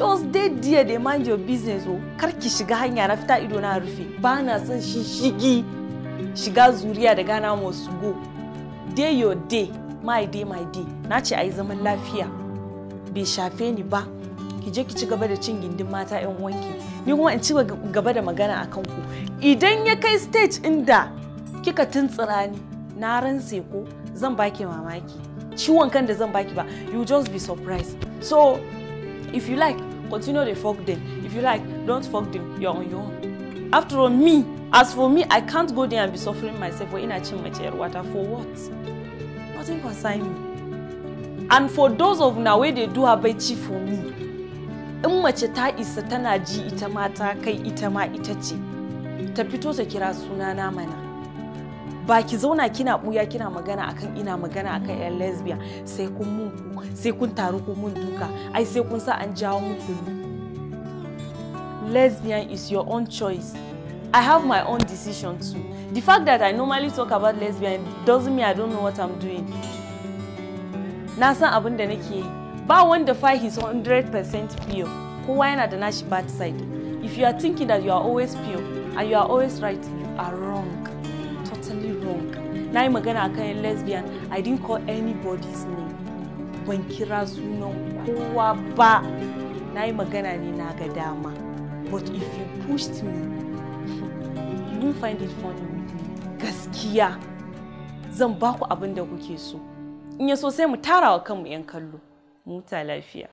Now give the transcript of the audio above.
just dey there dey mind your business o oh. kar ki shiga hanya na fita ido na rufe ba na son shishigi shiga zuriya da gana su go day your day my day my day na ce ai zaman lafiya bai shafe ni ba ki je ki ci gaba da cin gindin mata yan wanki ni kuma in ci gaba da magana a ku idan ya kai stage inda kika tuntsira ni na rantse ko zan baki mamaki ciwon kan da zan baki ba you just be surprised so if you like continue dey fuck dem if you like don't fuck dem you are on your own after all me as for me i can't go there and be suffering myself for ina cin mace yar wata for what nothing concern me and for those of una wey dey do habaici for me in mace ta isa tana ji ita ma ta kai ita ma ita ce ta fito ta kira sunana mana ba ki zauna kina buya kina magana akan ina magana akan yan lesbian sai kun mun sai kun taru kun mun duka ai sai kun sa an jawo mun kullu lesbian is your own choice I have my own decision too. The fact that I normally talk about lesbian doesn't mean I don't know what I'm doing. Na san abin da nake yi. Ba wanda fa his 100% pure. Kowa yana da nashi bad side. If you are thinking that you are always pure and you are always right, you are wrong. na yi magana kan lesbian i didn't call anybody's name ban kira sunan kowa ba na yi magana ne na ga dama but if you pushed me you won't find it funny with me gaskiya zan ba ku abin da kuke so in ya so sai mu tara wa kanmu 'yan kallo muta lafiya